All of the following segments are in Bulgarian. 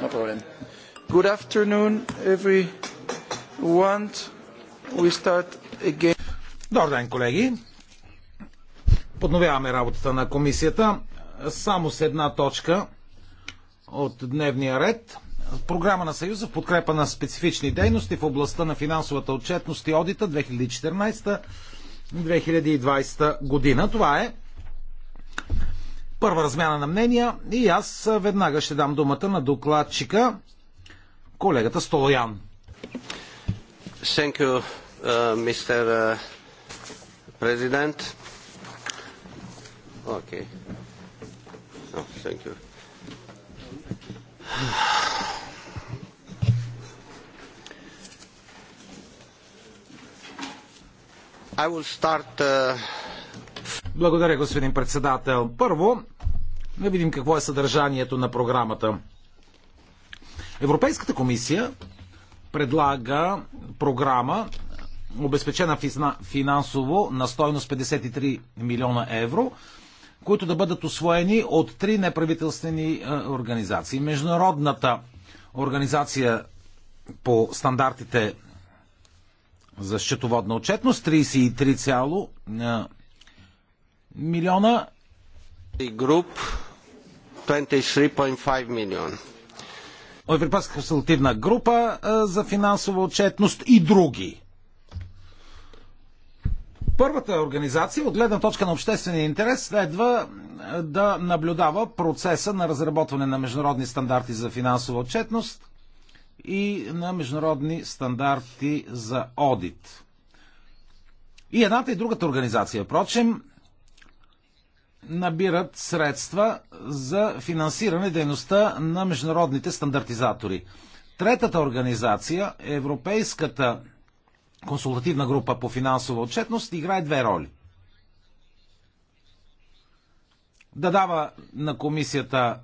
No problem. Good afternoon, everyone. We start again. Добър ден, колеги. Подновяваме работата на комисията. Само с една точка от дневния ред. Програма на Съюза в подкрепа на специфични дейности в областта на финансовата отчетност и одита 2014-2020 година. Това е първа размяна на мнения и аз веднага ще дам думата на докладчика, колегата Столоян. Thank uh, мистер uh, президент. Окей. President. Oh, I will start uh, благодаря, господин председател. Първо, да видим какво е съдържанието на програмата. Европейската комисия предлага програма, обезпечена финансово на стойност 53 милиона евро, които да бъдат освоени от три неправителствени е, организации. Международната организация по стандартите за счетоводна отчетност 33, милиона. Груп 23.5 милиона. Европейска консултативна група за финансова отчетност и други. Първата организация, от гледна точка на обществения интерес, следва да наблюдава процеса на разработване на международни стандарти за финансова отчетност и на международни стандарти за одит. И едната и другата организация, впрочем, набират средства за финансиране дейността на международните стандартизатори. Третата организация, Европейската консултативна група по финансова отчетност, играе две роли. Да дава на комисията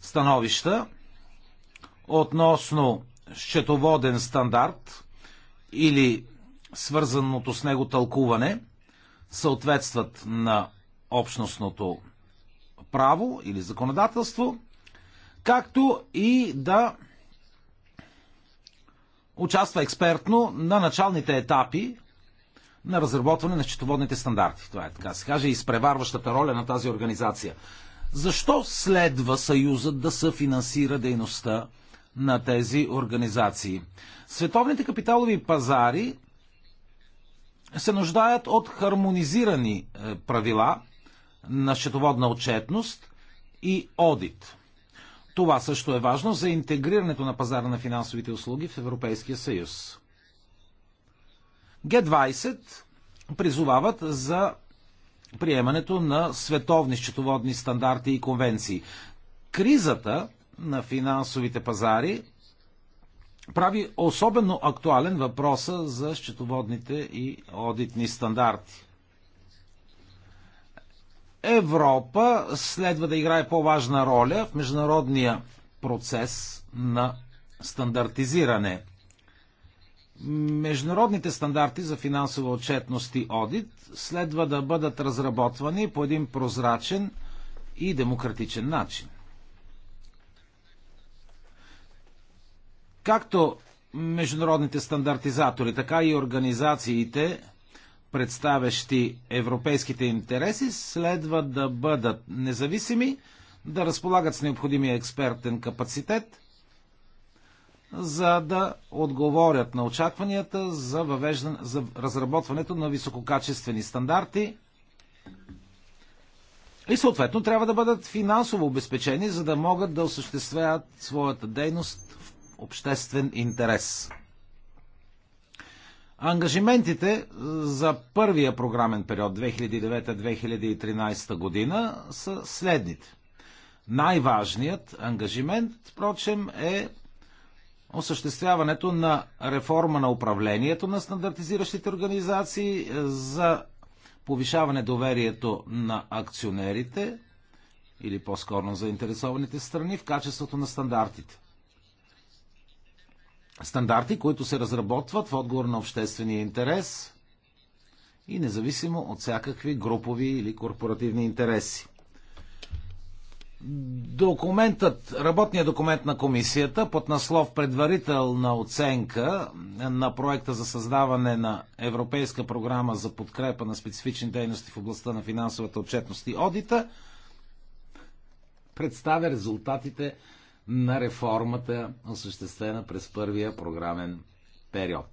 становища относно счетоводен стандарт или свързаното с него тълкуване, съответстват на общностното право или законодателство, както и да участва експертно на началните етапи на разработване на счетоводните стандарти. Това е така се каже изпреварващата роля на тази организация. Защо следва Съюзът да се финансира дейността на тези организации? Световните капиталови пазари се нуждаят от хармонизирани е, правила на счетоводна отчетност и одит. Това също е важно за интегрирането на пазара на финансовите услуги в Европейския съюз. Г-20 призовават за приемането на световни счетоводни стандарти и конвенции. Кризата на финансовите пазари прави особено актуален въпроса за счетоводните и одитни стандарти. Европа следва да играе по-важна роля в международния процес на стандартизиране. Международните стандарти за финансова отчетност и одит следва да бъдат разработвани по един прозрачен и демократичен начин. Както международните стандартизатори, така и организациите представящи европейските интереси, следва да бъдат независими, да разполагат с необходимия експертен капацитет, за да отговорят на очакванията за, въвеждан, за разработването на висококачествени стандарти и съответно трябва да бъдат финансово обезпечени, за да могат да осъществяват своята дейност в обществен интерес. Ангажиментите е, за първия програмен период 2009-2013 година са следните. Най-важният ангажимент, впрочем, е осъществяването на реформа на управлението на стандартизиращите организации е, за повишаване доверието на акционерите или по-скоро заинтересованите страни в качеството на стандартите стандарти, които се разработват в отговор на обществения интерес и независимо от всякакви групови или корпоративни интереси. Документът, работният документ на комисията под наслов предварителна оценка на проекта за създаване на Европейска програма за подкрепа на специфични дейности в областта на финансовата отчетност и одита представя резултатите на реформата, осъществена през първия програмен период.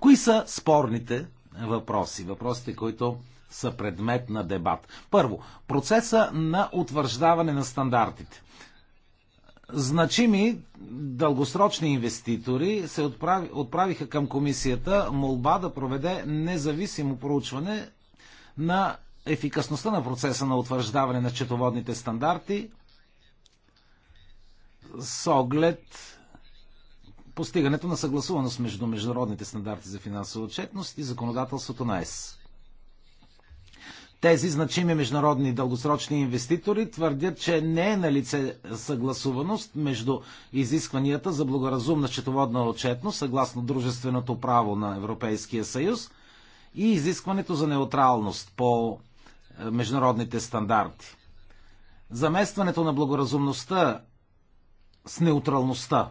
Кои са спорните въпроси? Въпросите, които са предмет на дебат. Първо, процеса на утвърждаване на стандартите. Значими дългосрочни инвеститори се отправи, отправиха към комисията молба да проведе независимо проучване на ефикасността на процеса на утвърждаване на четоводните стандарти с оглед постигането на съгласуваност между международните стандарти за финансова отчетност и законодателството на ЕС. Тези значими международни дългосрочни инвеститори твърдят, че не е на лице съгласуваност между изискванията за благоразумна счетоводна отчетност съгласно дружественото право на Европейския съюз и изискването за неутралност по е, международните стандарти. Заместването на благоразумността с неутралността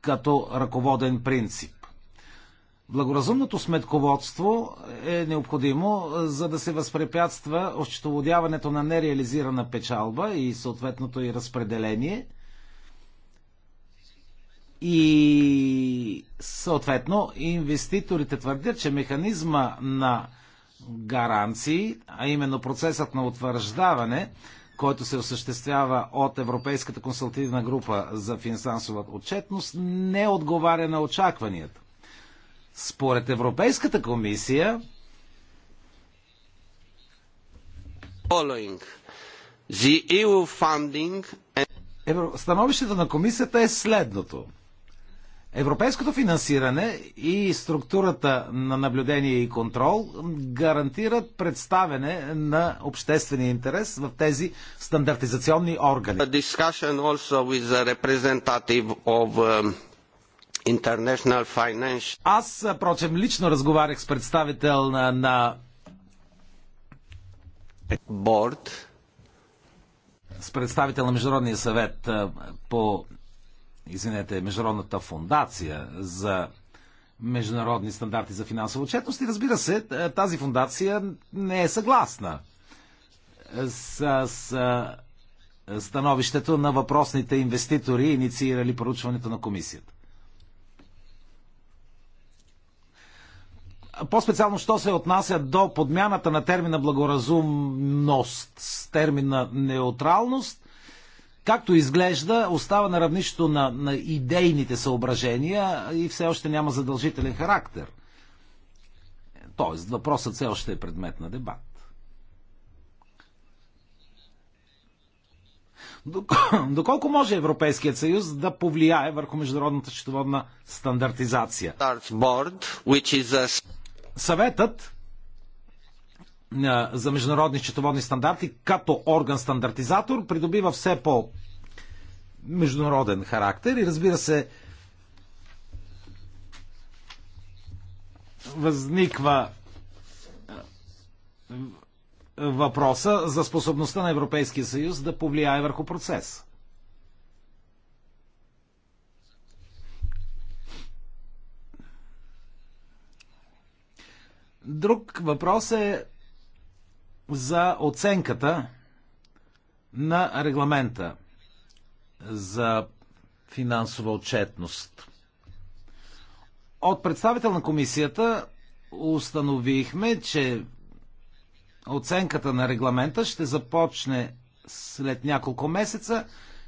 като ръководен принцип. Благоразумното сметководство е необходимо, е, за да се възпрепятства осчетоводяването на нереализирана печалба и съответното и разпределение и съответно инвеститорите твърдят, че механизма на гаранции, а именно процесът на утвърждаване който се осъществява от Европейската консултативна група за финансова отчетност, не отговаря на очакванията. Според Европейската комисия. E становището на комисията е следното. Европейското финансиране и структурата на наблюдение и контрол гарантират представене на обществения интерес в тези стандартизационни органи. Um, Аз, прочем, лично разговарях с представител на, на... Board. с представител на Международния съвет по извинете, Международната фундация за международни стандарти за финансова отчетност и разбира се, тази фундация не е съгласна с, с становището на въпросните инвеститори, инициирали проучването на комисията. По-специално, що се отнася до подмяната на термина благоразумност с термина неутралност, както изглежда, остава на равнището на, на идейните съображения и все още няма задължителен характер. Тоест, въпросът все още е предмет на дебат. Доколко може Европейският съюз да повлияе върху международната счетоводна стандартизация? Съветът за международни счетоводни стандарти като орган стандартизатор придобива все по международен характер и разбира се възниква въпроса за способността на Европейския съюз да повлияе върху процес. Друг въпрос е за оценката на регламента за финансова отчетност. От представител на комисията установихме, че оценката на регламента ще започне след няколко месеца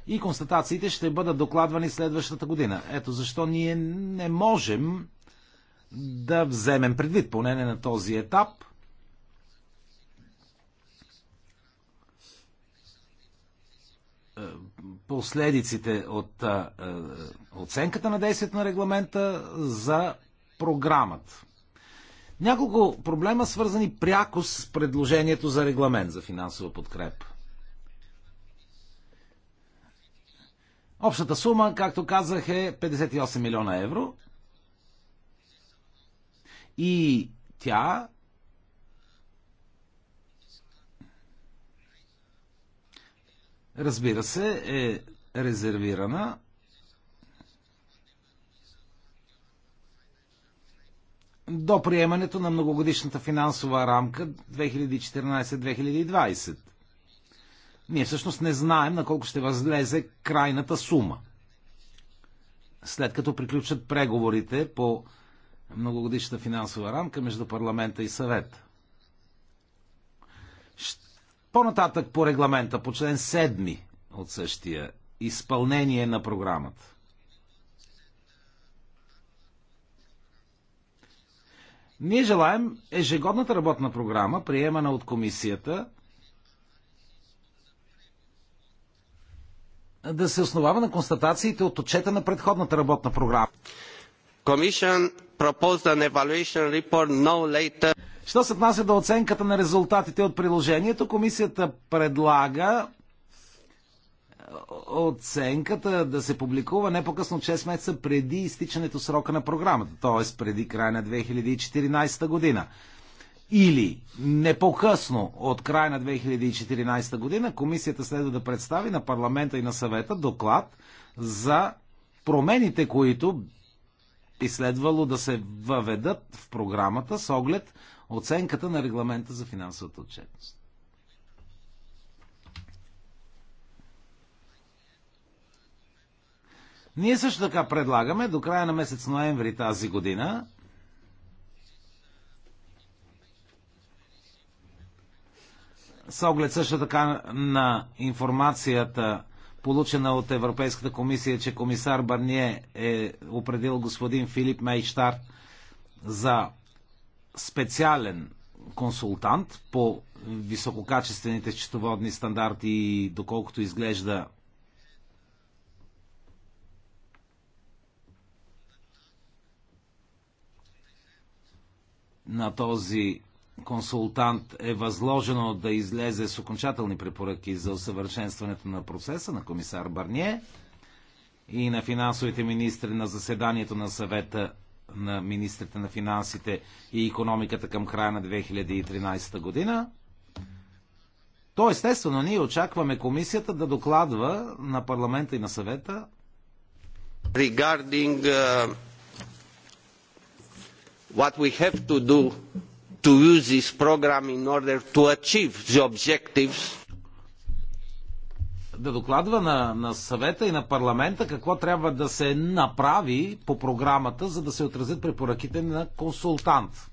и констатациите ще бъдат докладвани следващата година. Ето защо ние не можем да вземем предвид, поне не на този етап – последиците от а, е, оценката на действието на регламента за програмата. Няколко проблема свързани пряко с предложението за регламент за финансова подкрепа. Общата сума, както казах, е 58 милиона евро. И тя разбира се, е резервирана до приемането на многогодишната финансова рамка 2014-2020. Ние всъщност не знаем на колко ще възлезе крайната сума. След като приключат преговорите по многогодишната финансова рамка между парламента и съвет. По-нататък по регламента, по член 7 от същия, изпълнение на програмата. Ние желаем ежегодната работна програма, приемана от комисията, да се основава на констатациите от отчета на предходната работна програма. Commission proposed an evaluation report no later Що се отнася до оценката на резултатите от приложението, комисията предлага оценката да се публикува не по-късно 6 месеца преди изтичането срока на програмата, т.е. преди края на 2014 година. Или не по-късно от края на 2014 година комисията следва да представи на парламента и на съвета доклад за промените, които би следвало да се въведат в програмата с оглед оценката на регламента за финансовата отчетност. Ние също така предлагаме до края на месец ноември тази година с оглед също така на информацията, получена от Европейската комисия, че комисар Барние е определил господин Филип Мейштар за специален консултант по висококачествените счетоводни стандарти и доколкото изглежда на този консултант е възложено да излезе с окончателни препоръки за усъвършенстването на процеса на комисар Барние и на финансовите министри на заседанието на съвета на министрите на финансите и економиката към края на 2013 година. То естествено ние очакваме комисията да докладва на парламента и на съвета regarding uh, what we have to do to use this program in order to achieve the objectives да докладва на, на съвета и на парламента какво трябва да се направи по програмата, за да се отразят препоръките на консултант.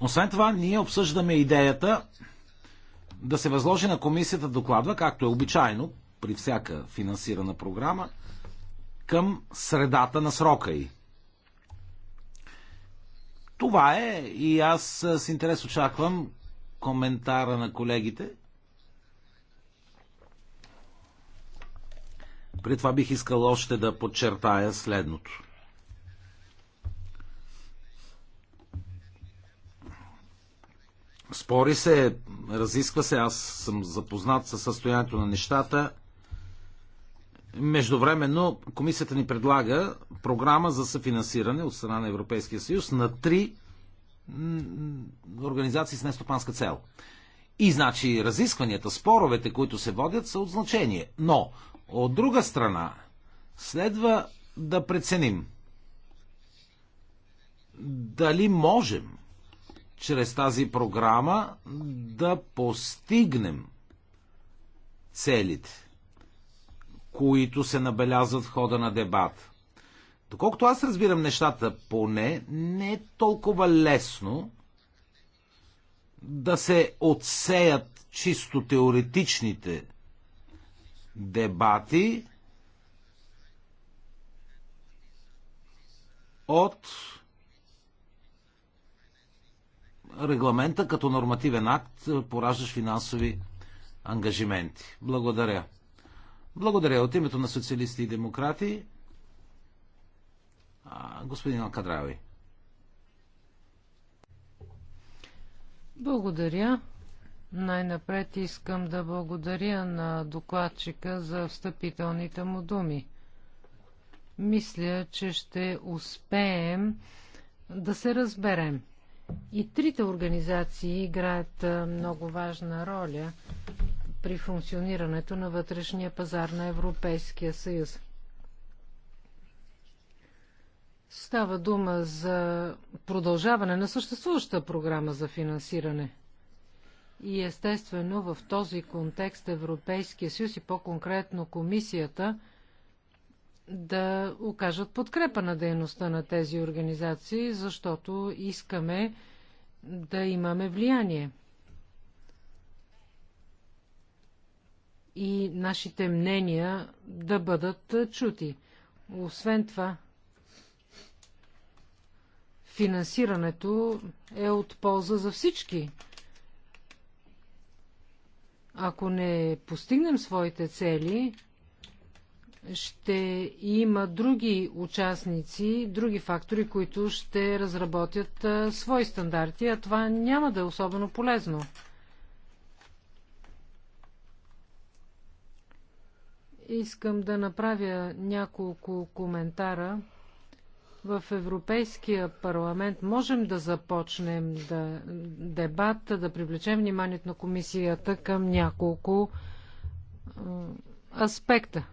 Освен това, ние обсъждаме идеята да се възложи на комисията да докладва, както е обичайно при всяка финансирана програма, към средата на срока й. Това е и аз с интерес очаквам коментара на колегите. При това бих искал още да подчертая следното. Спори се, разисква се, аз съм запознат със състоянието на нещата. Междувременно комисията ни предлага програма за съфинансиране от страна на Европейския съюз на три организации с нестопанска цел. И значи разискванията, споровете, които се водят, са от значение. Но, от друга страна, следва да преценим дали можем чрез тази програма да постигнем целите, които се набелязват в хода на дебата Доколкото аз разбирам нещата, поне не е толкова лесно да се отсеят чисто теоретичните дебати от регламента като нормативен акт, пораждащ финансови ангажименти. Благодаря. Благодаря от името на социалисти и демократи господин Алкадрави. Благодаря. Най-напред искам да благодаря на докладчика за встъпителните му думи. Мисля, че ще успеем да се разберем. И трите организации играят много важна роля при функционирането на вътрешния пазар на Европейския съюз. Става дума за продължаване на съществуваща програма за финансиране. И естествено в този контекст Европейския съюз и по-конкретно комисията да окажат подкрепа на дейността на тези организации, защото искаме да имаме влияние. И нашите мнения да бъдат чути. Освен това, финансирането е от полза за всички. Ако не постигнем своите цели, ще има други участници, други фактори, които ще разработят а, свои стандарти, а това няма да е особено полезно. Искам да направя няколко коментара в Европейския парламент можем да започнем да, дебат, да привлечем вниманието на комисията към няколко аспекта.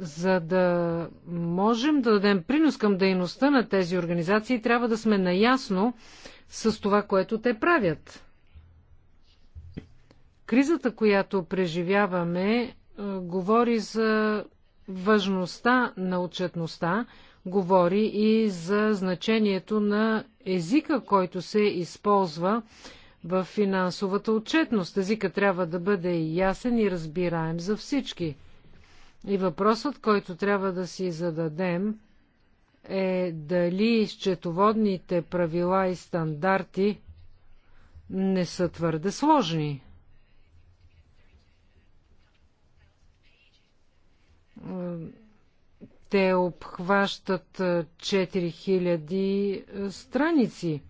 За да можем да дадем принос към дейността на тези организации, трябва да сме наясно с това, което те правят. Кризата, която преживяваме, говори за важността на отчетността говори и за значението на езика, който се използва в финансовата отчетност. Езика трябва да бъде ясен и разбираем за всички. И въпросът, който трябва да си зададем е дали счетоводните правила и стандарти не са твърде сложни. те обхващат 4000 страници.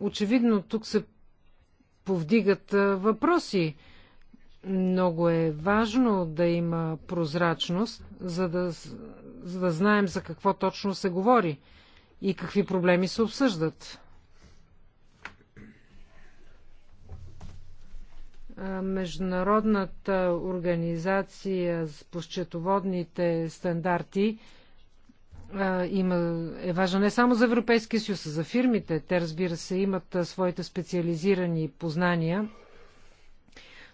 Очевидно тук се повдигат въпроси. Много е важно да има прозрачност, за да, за да знаем за какво точно се говори и какви проблеми се обсъждат. Международната организация по счетоводните стандарти има, е важна не само за Европейския съюз, а за фирмите. Те, разбира се, имат своите специализирани познания,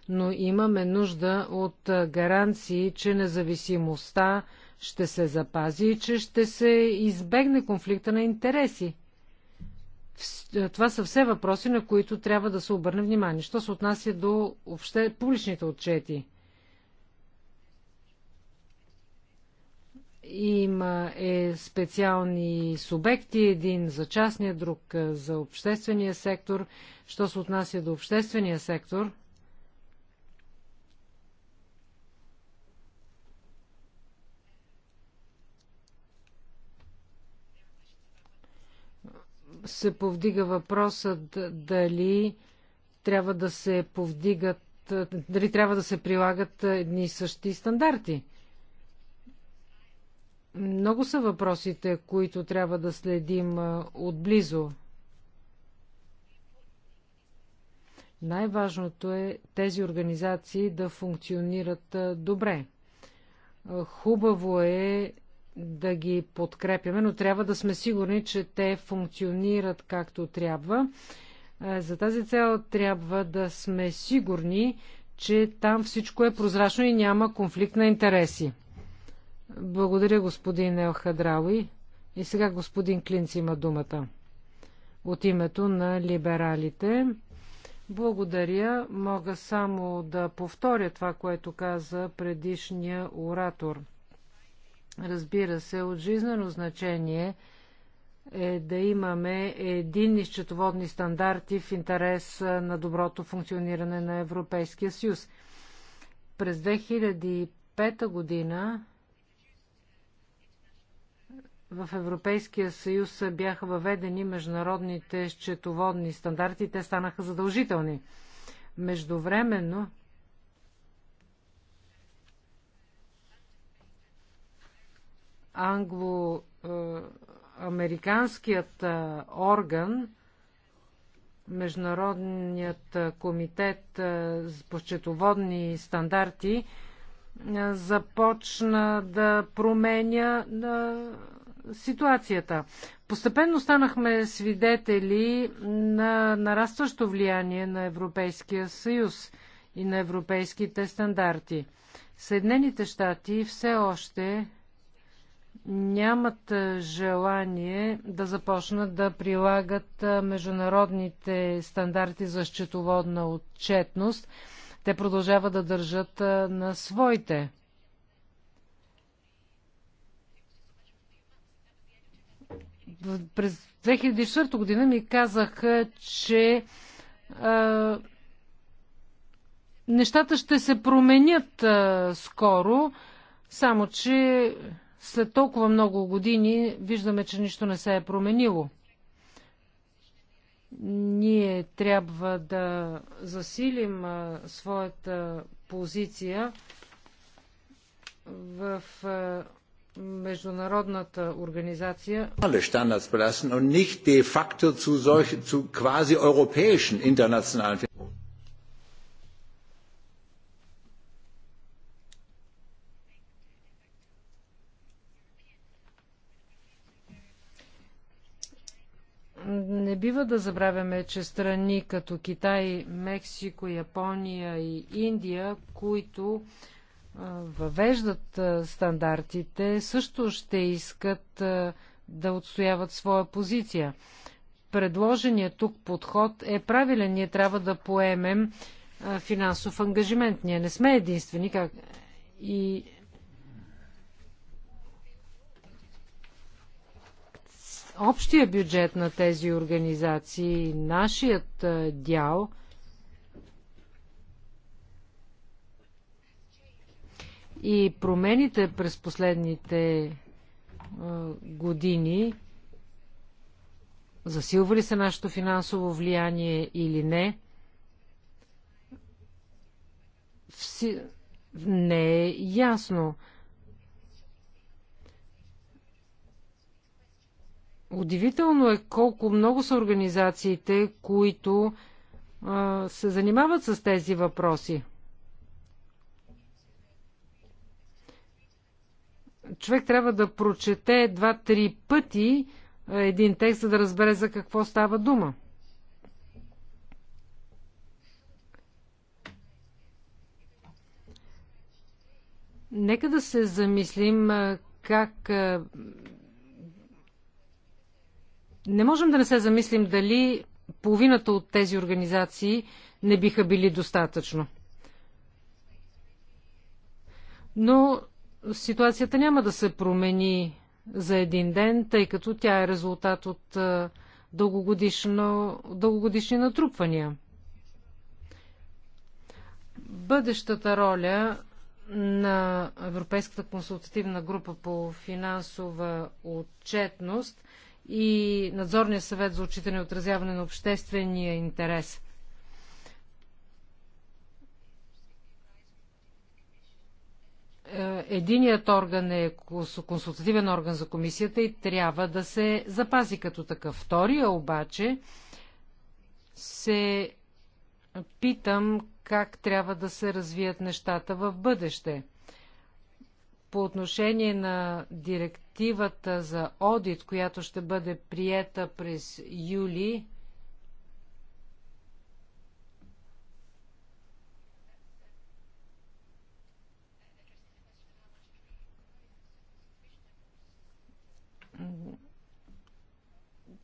но имаме нужда от гаранции, че независимостта ще се запази и че ще се избегне конфликта на интереси. Това са все въпроси, на които трябва да се обърне внимание. Що се отнася до обще, публичните отчети? Има е специални субекти, един за частния, друг е, за обществения сектор. Що се отнася до обществения сектор – се повдига въпросът дали трябва да се повдигат, дали трябва да се прилагат едни и същи стандарти. Много са въпросите, които трябва да следим отблизо. Най-важното е тези организации да функционират добре. Хубаво е да ги подкрепяме, но трябва да сме сигурни, че те функционират както трябва. Е, за тази цел трябва да сме сигурни, че там всичко е прозрачно и няма конфликт на интереси. Благодаря, господин Елхадрауи. И сега господин Клинц има думата. От името на либералите. Благодаря. Мога само да повторя това, което каза предишния оратор – Разбира се, от жизнено значение е да имаме единни счетоводни стандарти в интерес на доброто функциониране на Европейския съюз. През 2005 година в Европейския съюз бяха въведени международните счетоводни стандарти. Те станаха задължителни. Междувременно англо-американският орган, Международният комитет по счетоводни стандарти, започна да променя ситуацията. Постепенно станахме свидетели на нарастващо влияние на Европейския съюз и на европейските стандарти. Съединените щати все още нямат е, желание да започнат да прилагат е, международните стандарти за счетоводна отчетност. Те продължават да държат е, на своите. През 2004 година ми казаха, че а, нещата ще се променят а, скоро, само че след толкова много години виждаме, че нищо не се е променило. Ние трябва да засилим своята позиция в международната организация. не бива да забравяме, че страни като Китай, Мексико, Япония и Индия, които въвеждат стандартите, също ще искат да отстояват своя позиция. Предложеният тук подход е правилен. Ние трябва да поемем финансов ангажимент. Ние не сме единствени как... и общия бюджет на тези организации, нашият дял, и промените през последните години, засилва ли се нашето финансово влияние или не, не е ясно. Удивително е колко много са организациите, които а, се занимават с тези въпроси. Човек трябва да прочете два-три пъти един текст, за да разбере за какво става дума. Нека да се замислим как не можем да не се замислим дали половината от тези организации не биха били достатъчно. Но ситуацията няма да се промени за един ден, тъй като тя е резултат от дългогодишни натрупвания. Бъдещата роля на Европейската консултативна група по финансова отчетност и Надзорния съвет за отчитане и отразяване на обществения интерес. Е, единият орган е консултативен орган за комисията и трябва да се запази като такъв. Втория обаче се питам как трябва да се развият нещата в бъдеще – по отношение на директивата за одит, която ще бъде приета през юли,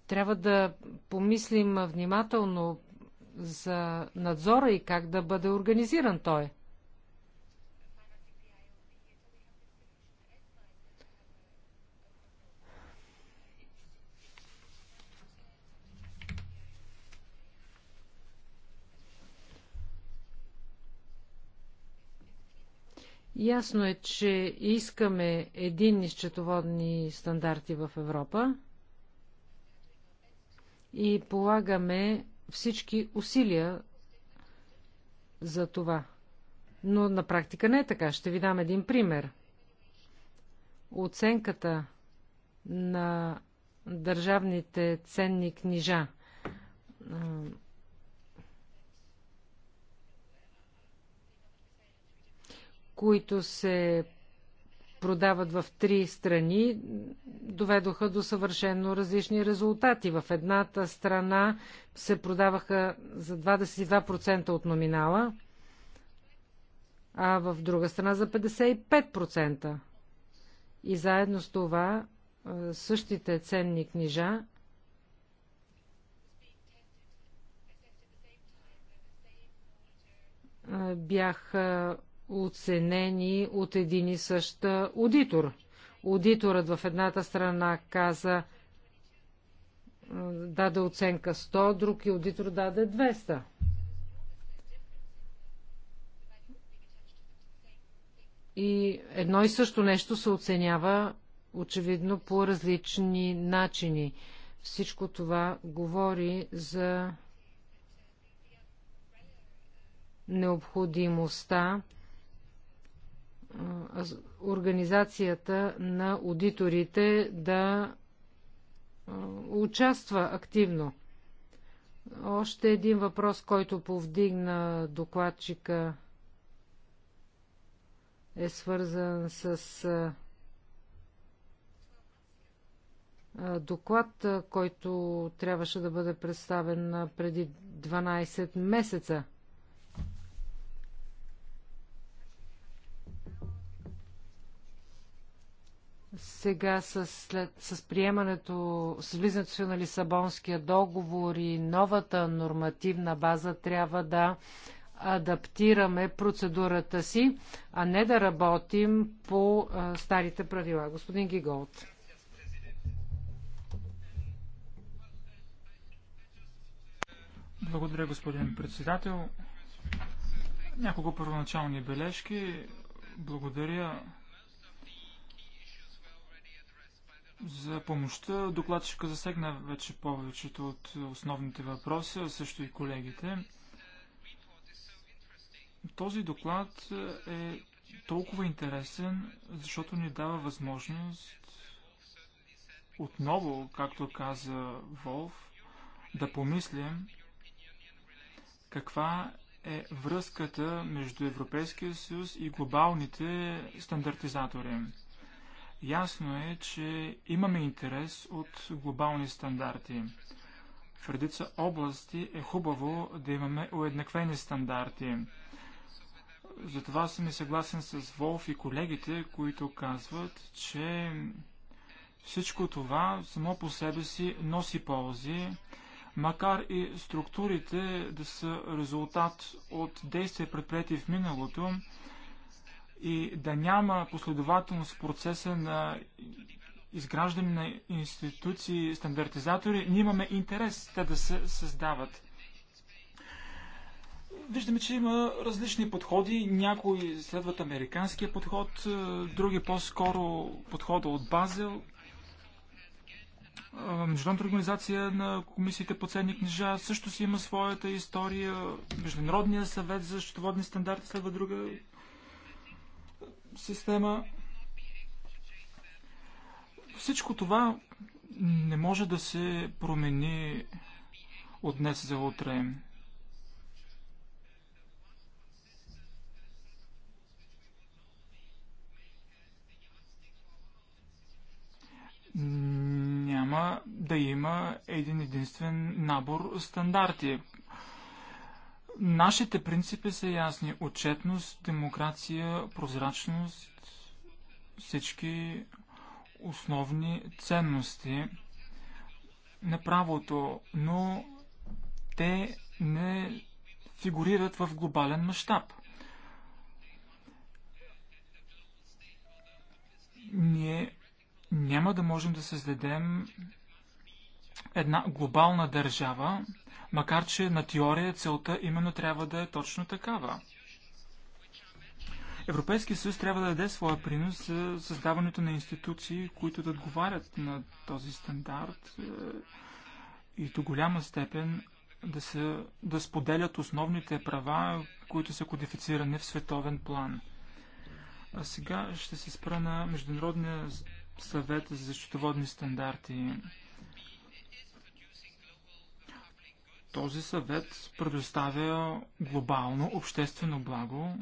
трябва да помислим внимателно за надзора и как да бъде организиран той. Ясно е, че искаме единни счетоводни стандарти в Европа и полагаме всички усилия за това. Но на практика не е така. Ще ви дам един пример. Оценката на държавните ценни книжа които се продават в три страни, доведоха до съвършено различни резултати. В едната страна се продаваха за 22% от номинала, а в друга страна за 55%. И заедно с това същите ценни книжа бяха оценени от един и същ аудитор. Аудиторът в едната страна каза, даде оценка 100, друг и аудитор даде 200. И едно и също нещо се оценява очевидно по различни начини. Всичко това говори за необходимостта организацията на аудиторите да участва активно. Още един въпрос, който повдигна докладчика е свързан с доклад, който трябваше да бъде представен преди 12 месеца. Сега с, след, с приемането, с влизането си на Лисабонския договор и новата нормативна база трябва да адаптираме процедурата си, а не да работим по а, старите правила. Господин Гиголт. Благодаря, господин председател. Няколко първоначални бележки. Благодаря За помощта докладчика засегна вече повечето от основните въпроси, а също и колегите. Този доклад е толкова интересен, защото ни дава възможност отново, както каза Волф, да помислим каква е връзката между Европейския съюз и глобалните стандартизатори. Ясно е, че имаме интерес от глобални стандарти. В редица области е хубаво да имаме уеднаквени стандарти. Затова съм и съгласен с Волф и колегите, които казват, че всичко това само по себе си носи ползи, макар и структурите да са резултат от действия предприяти в миналото, и да няма последователност в процеса на изграждане на институции, стандартизатори, ние имаме интерес те да се създават. Виждаме, че има различни подходи. Някои следват американския подход, е, други по-скоро подхода от Базел. Е, Международната организация на комисиите по ценни книжа също си има своята история. Международният съвет за счетоводни стандарти следва друга система. Всичко това не може да се промени от днес за утре. няма да има един единствен набор стандарти, Нашите принципи са ясни. Отчетност, демокрация, прозрачност, всички основни ценности на правото, но те не фигурират в глобален мащаб. Ние няма да можем да създадем една глобална държава, Макар, че на теория целта именно трябва да е точно такава. Европейския съюз трябва да даде своя принос за създаването на институции, които да отговарят на този стандарт е, и до голяма степен да, се, да споделят основните права, които са кодифицирани в световен план. А сега ще се спра на Международния съвет за защитоводни стандарти. Този съвет предоставя глобално обществено благо.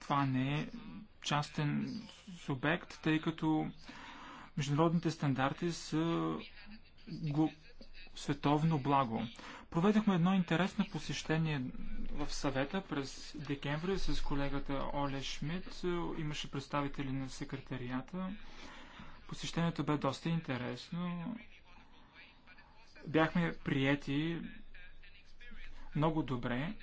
Това не е частен субект, тъй като международните стандарти са световно благо. Проведохме едно интересно посещение в съвета през декември с колегата Оле Шмидт. Имаше представители на секретарията. Посещението бе доста интересно. Бяхме приети много добре.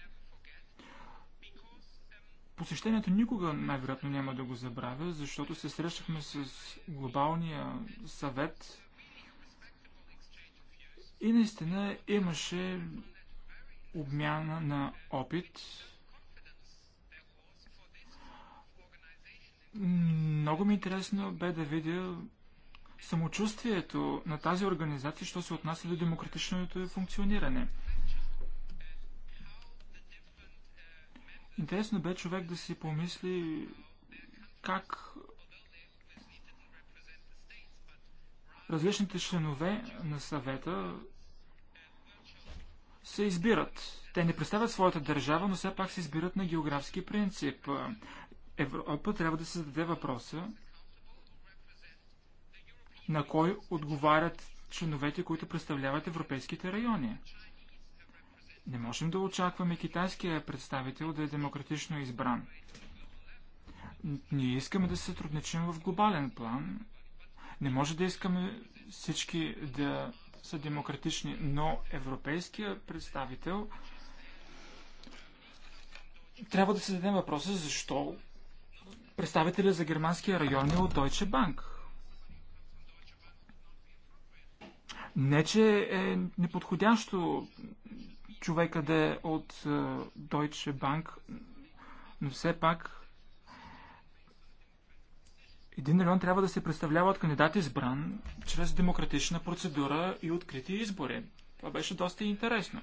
Посещението никога най-вероятно няма да го забравя, защото се срещахме с глобалния съвет и наистина имаше обмяна на опит. Много ми е интересно бе да видя самочувствието на тази организация, що се отнася до демократичното функциониране. Интересно бе човек да си помисли как различните членове на съвета се избират. Те не представят своята държава, но все пак се избират на географски принцип. Европа трябва да се зададе въпроса на кой отговарят членовете, които представляват европейските райони. Не можем да очакваме китайския представител да е демократично избран. Ние искаме да се сътрудничим в глобален план. Не може да искаме всички да са демократични, но европейския представител трябва да се зададем въпроса защо представителя за германския район е от Deutsche Bank. Не, че е неподходящо човека да е от е, Deutsche Bank, но все пак един район трябва да се представлява от кандидат избран чрез демократична процедура и открити избори. Това беше доста интересно.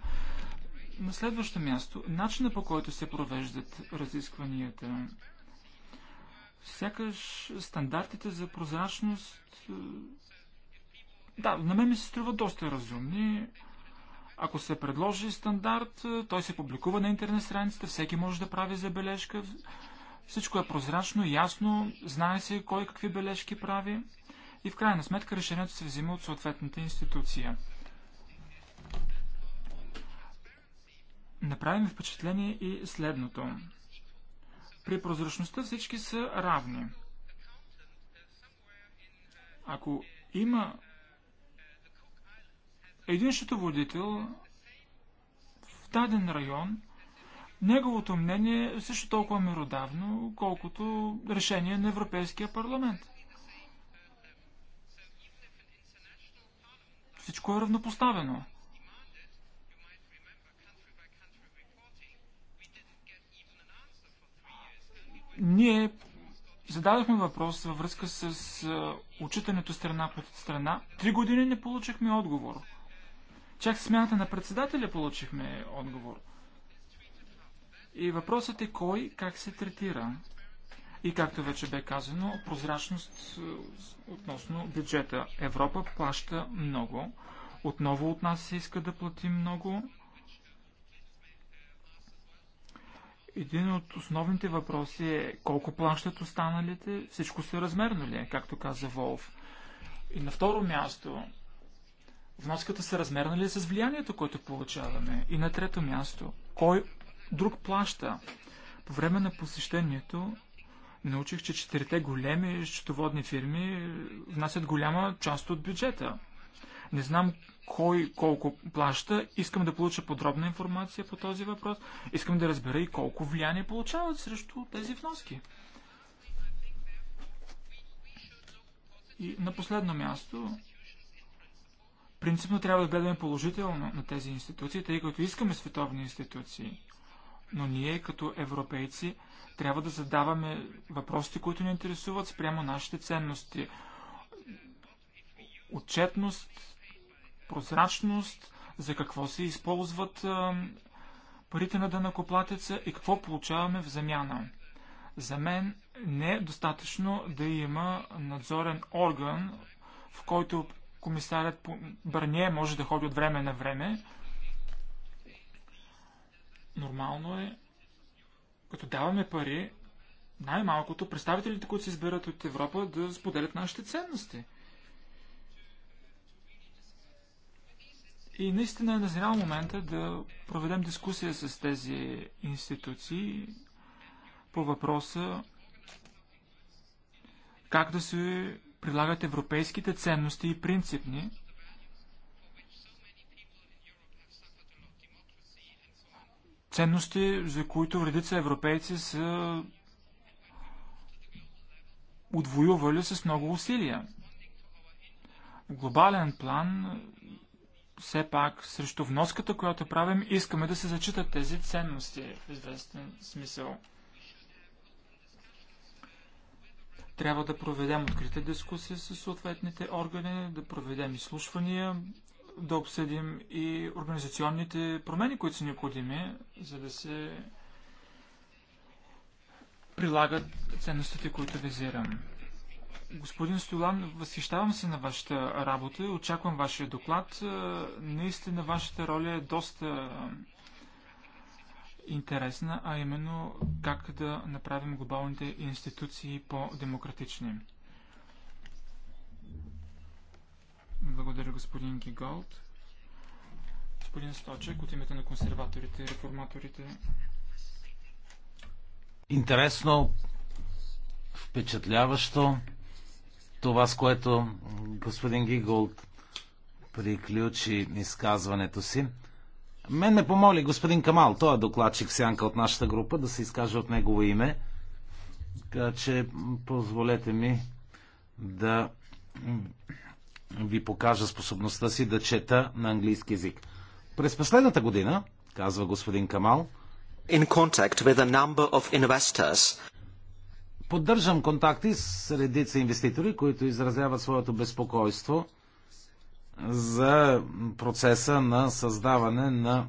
На следващо място, начина по който се провеждат разискванията. Сякаш стандартите за прозрачност. Е, да, на мен ми се струва доста разумни. Ако се предложи стандарт, е, той се публикува на интернет страницата, всеки може да прави забележка. Всичко е прозрачно, ясно, знае се кой какви бележки прави и в крайна сметка решението се взима от съответната институция. Направим впечатление и следното. При прозрачността всички са равни. Ако има един счетоводител в даден район, неговото мнение е също толкова меродавно, колкото решение на Европейския парламент. Всичко е равнопоставено. Ние зададохме въпрос във връзка с учитането страна по страна. Три години не получихме отговор. Чак смяната на председателя получихме отговор. И въпросът е кой как се третира. И както вече бе казано, прозрачност е, относно бюджета. Европа плаща много. Отново от нас се иска да платим много. Един от основните въпроси е колко плащат останалите, всичко се размерно ли е, както каза Волф. И на второ място, вноската се размерна ли е с влиянието, което получаваме? И на трето място, кой друг плаща? По време на посещението научих, че четирите големи счетоводни фирми внасят голяма част от бюджета. Не знам кой колко плаща. Искам да получа подробна информация по този въпрос. Искам да разбера и колко влияние получават срещу тези вноски. И на последно място, Принципно трябва да гледаме положително на тези институции, тъй като искаме световни институции. Но ние, като европейци, трябва да задаваме въпросите, които ни интересуват спрямо нашите ценности. Отчетност, прозрачност, за какво се използват парите на дънакоплатеца и какво получаваме в замяна. За мен не е достатъчно да има надзорен орган, в който комисарят Бърние може да ходи от време на време. Нормално е, като даваме пари, най-малкото представителите, които се избират от Европа, да споделят нашите ценности. И наистина е назрял момента да проведем дискусия с тези институции по въпроса как да се прилагат европейските ценности и принципни, ценности, за които редица европейци са отвоювали с много усилия. В глобален план, все пак, срещу вноската, която правим, искаме да се зачитат тези ценности в известен смисъл. Трябва да проведем открита дискусия с съответните органи, да проведем изслушвания, да обсъдим и организационните промени, които са необходими, за да се прилагат ценностите, които визирам. Господин Столан, възхищавам се на вашата работа и очаквам вашия доклад. Наистина вашата роля е доста интересна, а именно как да направим глобалните институции по-демократични. Благодаря господин Гиголд. Господин Сточек от името на консерваторите и реформаторите. Интересно, впечатляващо това, с което господин Гиголд приключи изказването си. Мен ме помоли господин Камал, той е докладчик сянка от нашата група, да се изкаже от негово име. Така че позволете ми да ви покажа способността си да чета на английски язик. През последната година, казва господин Камал, In contact with a number of investors. Поддържам контакти с редица инвеститори, които изразяват своето безпокойство – за процеса на създаване на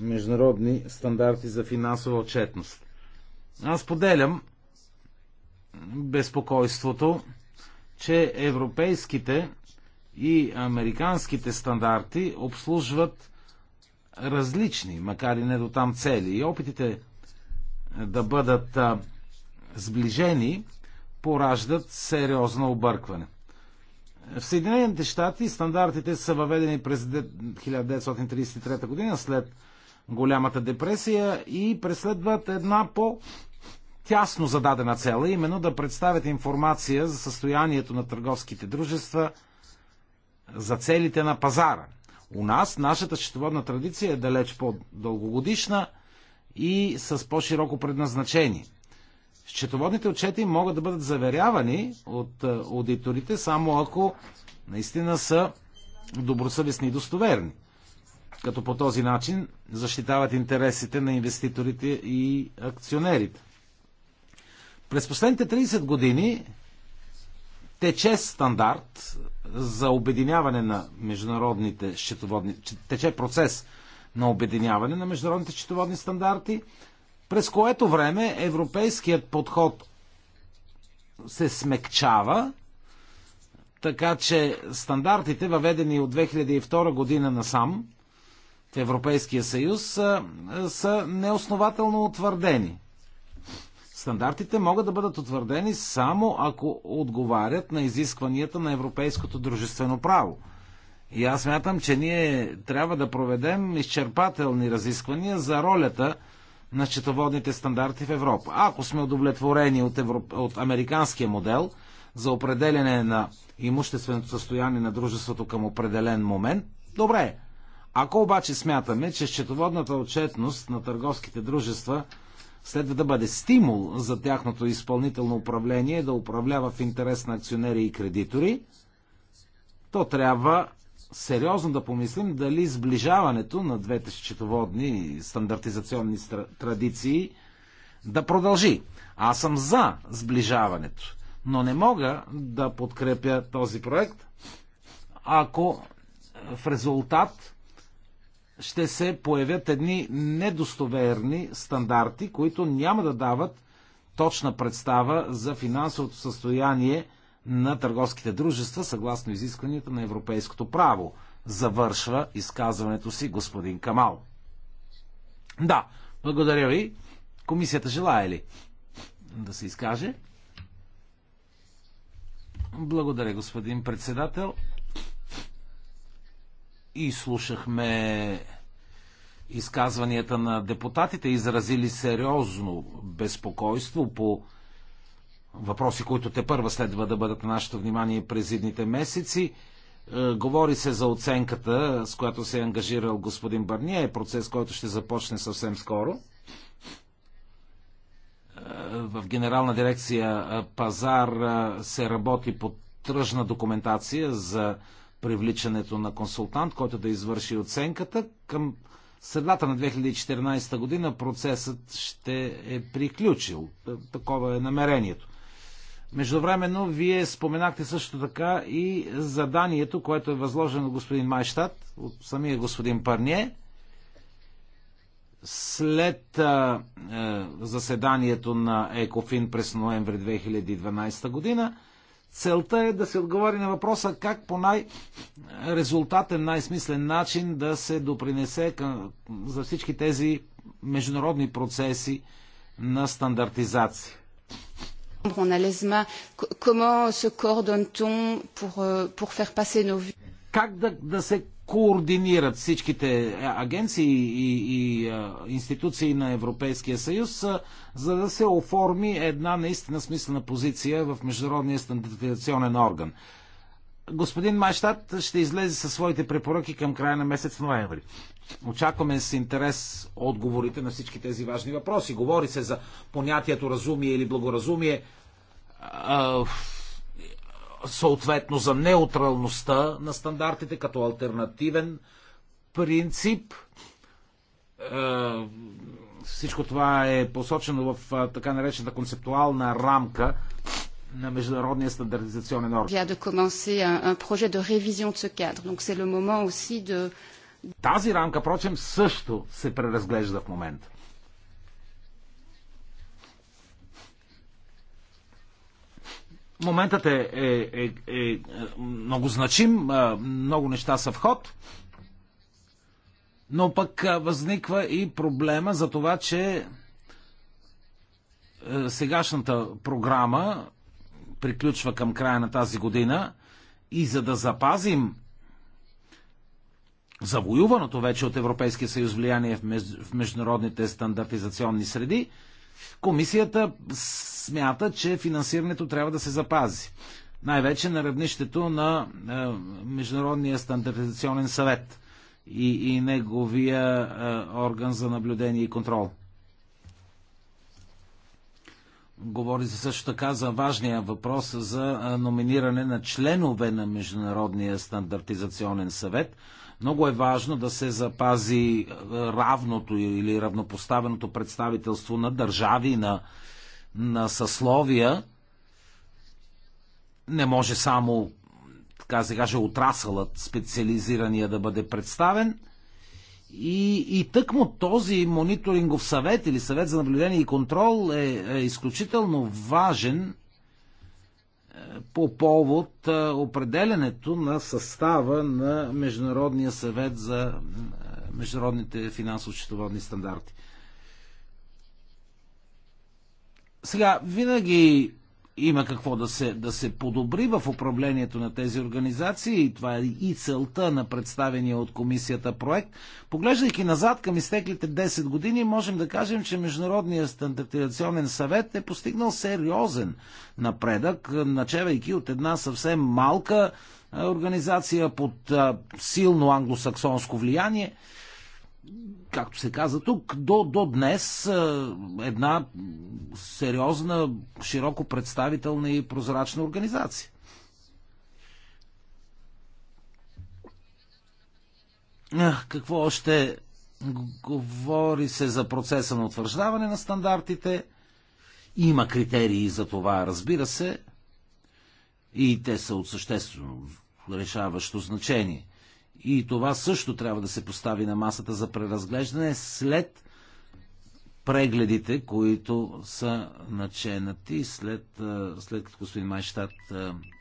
международни стандарти за финансова отчетност. Аз поделям безпокойството, че европейските и американските стандарти обслужват различни, макар и не до там цели. И опитите да бъдат сближени пораждат сериозно объркване. В Съединените щати стандартите са въведени през 1933 година след голямата депресия и преследват една по тясно зададена цел, именно да представят информация за състоянието на търговските дружества за целите на пазара. У нас нашата счетоводна традиция е далеч по-дългогодишна и с по-широко предназначение – Счетоводните отчети могат да бъдат заверявани от е, аудиторите само ако наистина са добросъвестни и достоверни. Като по този начин защитават интересите на инвеститорите и акционерите. През последните 30 години тече стандарт за обединяване на международните счетоводни... тече процес на обединяване на международните счетоводни стандарти, през което време европейският подход се смекчава, така че стандартите, въведени от 2002 година насам в Европейския съюз, са, са неоснователно утвърдени. Стандартите могат да бъдат утвърдени само ако отговарят на изискванията на европейското дружествено право. И аз мятам, че ние трябва да проведем изчерпателни разисквания за ролята на счетоводните стандарти в Европа. Ако сме удовлетворени от, европ... от американския модел за определене на имущественото състояние на дружеството към определен момент, добре. Ако обаче смятаме, че счетоводната отчетност на търговските дружества следва да бъде стимул за тяхното изпълнително управление да управлява в интерес на акционери и кредитори, то трябва сериозно да помислим дали сближаването на двете счетоводни стандартизационни традиции да продължи. Аз съм за сближаването, но не мога да подкрепя този проект, ако в резултат ще се появят едни недостоверни стандарти, които няма да дават точна представа за финансовото състояние на търговските дружества съгласно изискванията на европейското право. Завършва изказването си господин Камал. Да, благодаря ви. Комисията желая ли да се изкаже? Благодаря, господин председател. И слушахме изказванията на депутатите, изразили сериозно безпокойство по въпроси, които те първа следва да бъдат на нашето внимание през едните месеци. Е, говори се за оценката, с която се е ангажирал господин Барния. Е процес, който ще започне съвсем скоро. Е, в Генерална дирекция е, Пазар се работи по тръжна документация за привличането на консултант, който да извърши оценката. Към средата на 2014 година процесът ще е приключил. Такова е намерението. Междувременно, вие споменахте също така и заданието, което е възложено господин Майштад от самия господин Парние. След а, е, заседанието на Екофин през ноември 2012 година, целта е да се отговори на въпроса как по най-резултатен, най-смислен начин да се допринесе към, за всички тези международни процеси на стандартизация. On a l'ESMA. Comment se coordonne-t-on pour, euh, pour faire passer nos vues Как да, да се координират всичките агенции и, и и институции на Европейския съюз, за да се оформи една наистина смислена позиция в Международния стандартизационен орган? господин Майштат ще излезе със своите препоръки към края на месец ноември. Очакваме с интерес отговорите на всички тези важни въпроси. Говори се за понятието разумие или благоразумие, съответно за неутралността на стандартите като альтернативен принцип. Всичко това е посочено в така наречената концептуална рамка на международния стандартизационен орган. Тази рамка, прочем, също се преразглежда в момента. Моментът е, е, е, е много значим, много неща са в ход. Но пък възниква и проблема за това, че сегашната програма приключва към края на тази година и за да запазим завоюваното вече от Европейския съюз влияние в международните стандартизационни среди, комисията смята, че финансирането трябва да се запази. Най-вече на равнището на е, Международния стандартизационен съвет и, и неговия е, орган за наблюдение и контрол. Говори се също така за важния въпрос за номиниране на членове на Международния стандартизационен съвет. Много е важно да се запази равното или равнопоставеното представителство на държави, на, на съсловия. Не може само, така се каже, отрасълът специализирания да бъде представен. И, и тъкмо този мониторингов съвет или съвет за наблюдение и контрол е, е изключително важен е, по повод е, определенето на състава на Международния съвет за е, международните финансово-счетоводни стандарти. Сега, винаги има какво да се, да се подобри в управлението на тези организации и това е и целта на представения от комисията проект. Поглеждайки назад към изтеклите 10 години, можем да кажем, че Международният стандартизационен съвет е постигнал сериозен напредък, начевайки от една съвсем малка организация под силно англосаксонско влияние както се каза тук, до, до днес е, една сериозна, широко представителна и прозрачна организация. Какво още говори се за процеса на утвърждаване на стандартите? Има критерии за това, разбира се, и те са от съществено решаващо значение – и това също трябва да се постави на масата за преразглеждане след прегледите, които са наченати след, след като господин Майштат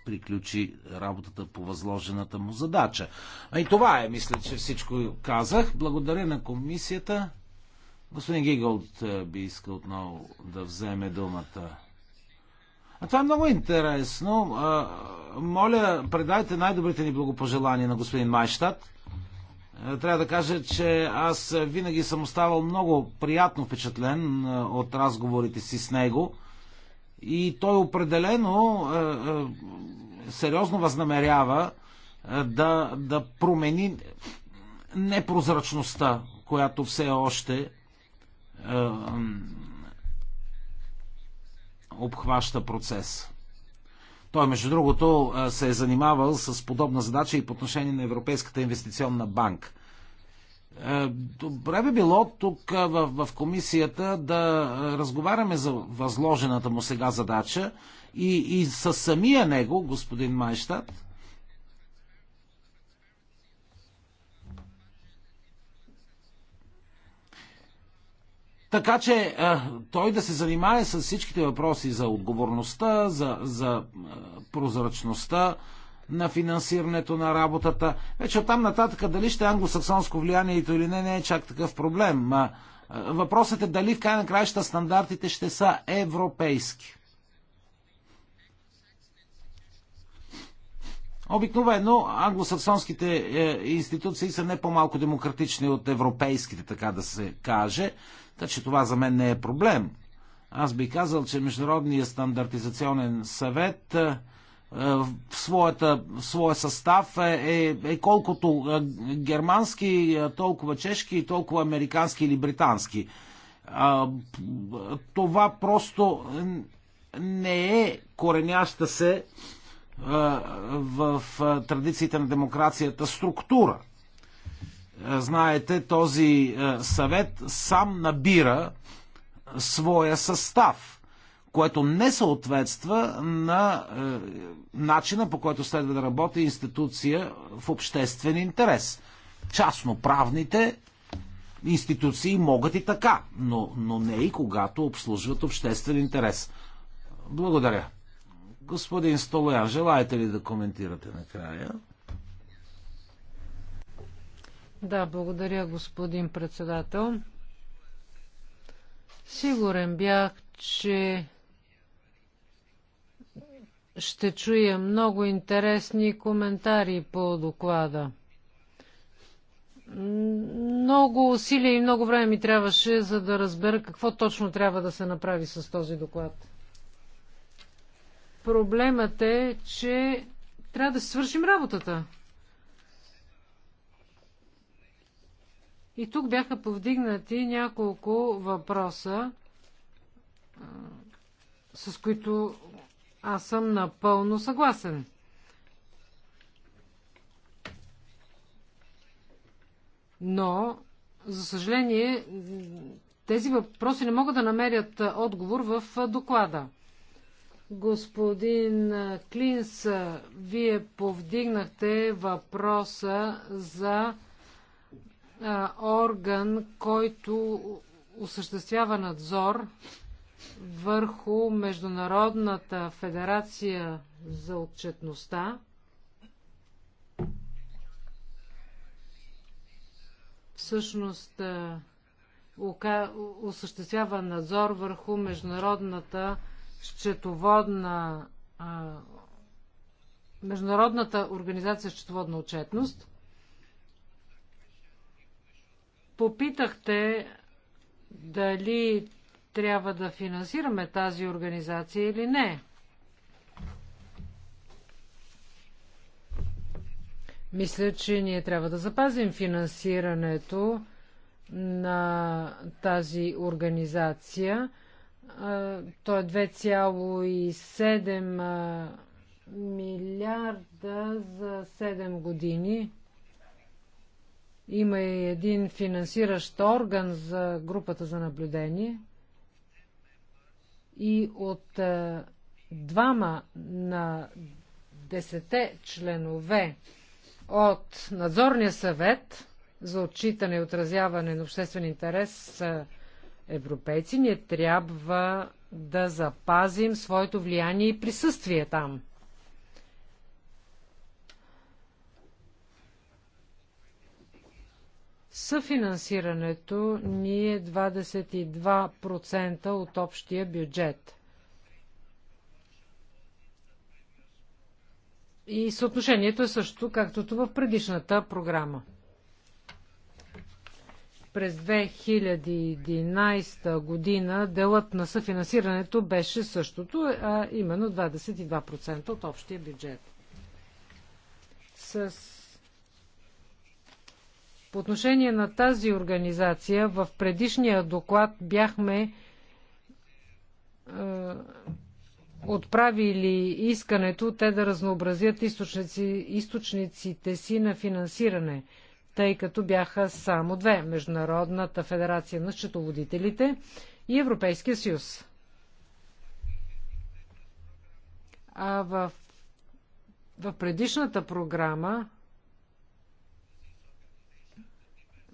приключи работата по възложената му задача. А и това е, мисля, че всичко казах. Благодаря на комисията. Господин Гиголд би искал отново да вземе думата. А това е много интересно. Моля, предайте най-добрите ни благопожелания на господин Майштад. Е, трябва да кажа, че аз винаги съм оставал много приятно впечатлен е, от разговорите си с него. И той определено е, сериозно възнамерява да, да промени непрозрачността, която все още обхваща процес. Той, между другото, се е занимавал с подобна задача и по отношение на Европейската инвестиционна банка. Добре би било тук в, в комисията да разговаряме за възложената му сега задача и, и с самия него, господин Майштадт, Така че е, той да се занимае с всичките въпроси за отговорността, за, за е, прозрачността на финансирането на работата. Вече оттам нататък дали ще е англосаксонско влиянието или не, не е чак такъв проблем. Е, въпросът е дали в край на краища стандартите ще са европейски. Обикновено англосаксонските институции са не по-малко демократични от европейските, така да се каже. Така че това за мен не е проблем. Аз би казал, че Международният стандартизационен съвет е, в, своята, в своя състав е, е, е колкото е, германски, толкова чешки, толкова американски или британски. А, това просто не е кореняща се в традициите на демокрацията структура. Знаете, този е, съвет сам набира своя състав, което не съответства на е, начина по който следва да работи институция в обществен интерес. Частноправните институции могат и така, но, но не и когато обслужват обществен интерес. Благодаря. Господин Столоян, желаете ли да коментирате накрая? Да, благодаря, господин председател. Сигурен бях, че ще чуя много интересни коментари по доклада. Много усилия и много време ми трябваше, за да разбера какво точно трябва да се направи с този доклад. Проблемът е, че трябва да свършим работата. И тук бяха повдигнати няколко въпроса, с които аз съм напълно съгласен. Но, за съжаление, тези въпроси не могат да намерят отговор в доклада. Господин Клинс, вие повдигнахте въпроса за а, орган, който осъществява надзор върху Международната федерация за отчетността. Всъщност осъществява надзор върху Международната счетоводна Международната организация счетоводна отчетност. Попитахте дали трябва да финансираме тази организация или не. Мисля, че ние трябва да запазим финансирането на тази организация. То е 2,7 милиарда за 7 години. Има и един финансиращ орган за групата за наблюдение. И от е, двама на десете членове от надзорния съвет за отчитане и отразяване на обществен интерес са европейци. Ние трябва да запазим своето влияние и присъствие там. Съфинансирането ни е 22% от общия бюджет. И съотношението е също, както в предишната програма. През 2011 година делът на съфинансирането беше същото, а именно 22% от общия бюджет. С по отношение на тази организация, в предишния доклад бяхме е, отправили искането те да разнообразят източници, източниците си на финансиране, тъй като бяха само две – Международната федерация на счетоводителите и Европейския съюз. А в, в предишната програма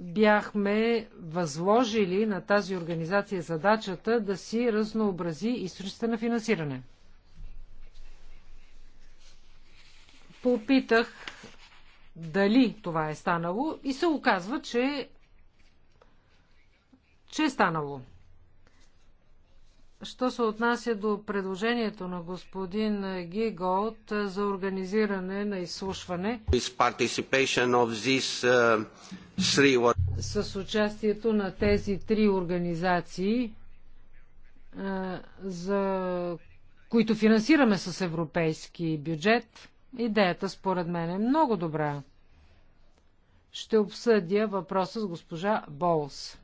бяхме възложили на тази организация задачата да си разнообрази източниците на финансиране. Попитах дали това е станало и се оказва, че, че е станало. Що се отнася до предложението на господин Гиголд е, за организиране на изслушване е, с участието на тези три организации, е, за които финансираме с европейски бюджет, идеята според мен е много добра. Ще обсъдя въпроса с госпожа Болс.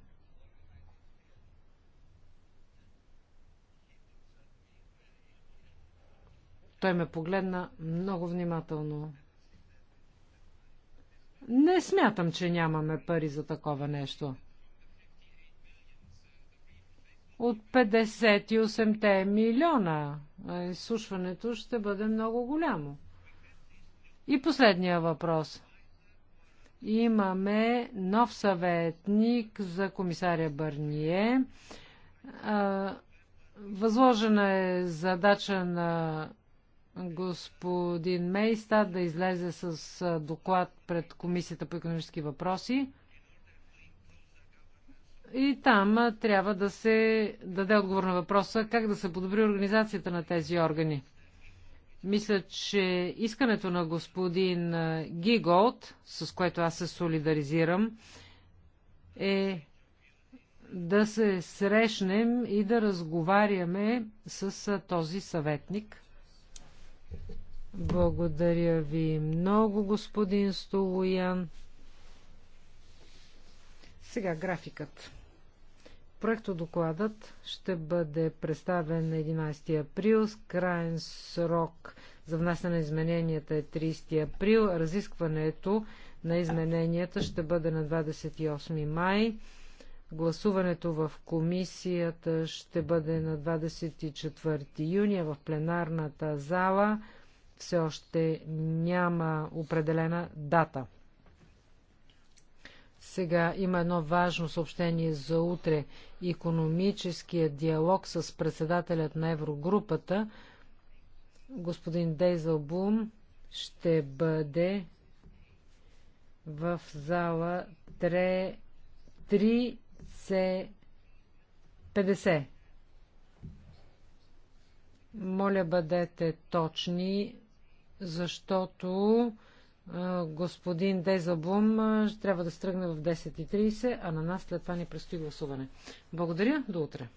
Той ме погледна много внимателно. Не смятам, че нямаме пари за такова нещо. От 58-те милиона изсушването ще бъде много голямо. И последния въпрос. Имаме нов съветник за комисаря Бърние. Възложена е задача на господин Мейста да излезе с доклад пред Комисията по економически въпроси. И там трябва да се даде отговор на въпроса как да се подобри организацията на тези органи. Мисля, че искането на господин Гиголд, с което аз се солидаризирам, е да се срещнем и да разговаряме с този съветник. Благодаря ви много, господин Столоян. Сега графикът. Проектодокладът ще бъде представен на 11 април. С крайен срок за внасяне на измененията е 30 април. Разискването на измененията ще бъде на 28 май. Гласуването в комисията ще бъде на 24 юни в пленарната зала все още няма определена дата. Сега има едно важно съобщение за утре. Икономическият диалог с председателят на Еврогрупата, господин Дейзел Бум, ще бъде в зала 3C50. Моля бъдете точни защото господин Дезаблум трябва да стръгне в 10.30, а на нас след това ни предстои гласуване. Благодаря, до утре.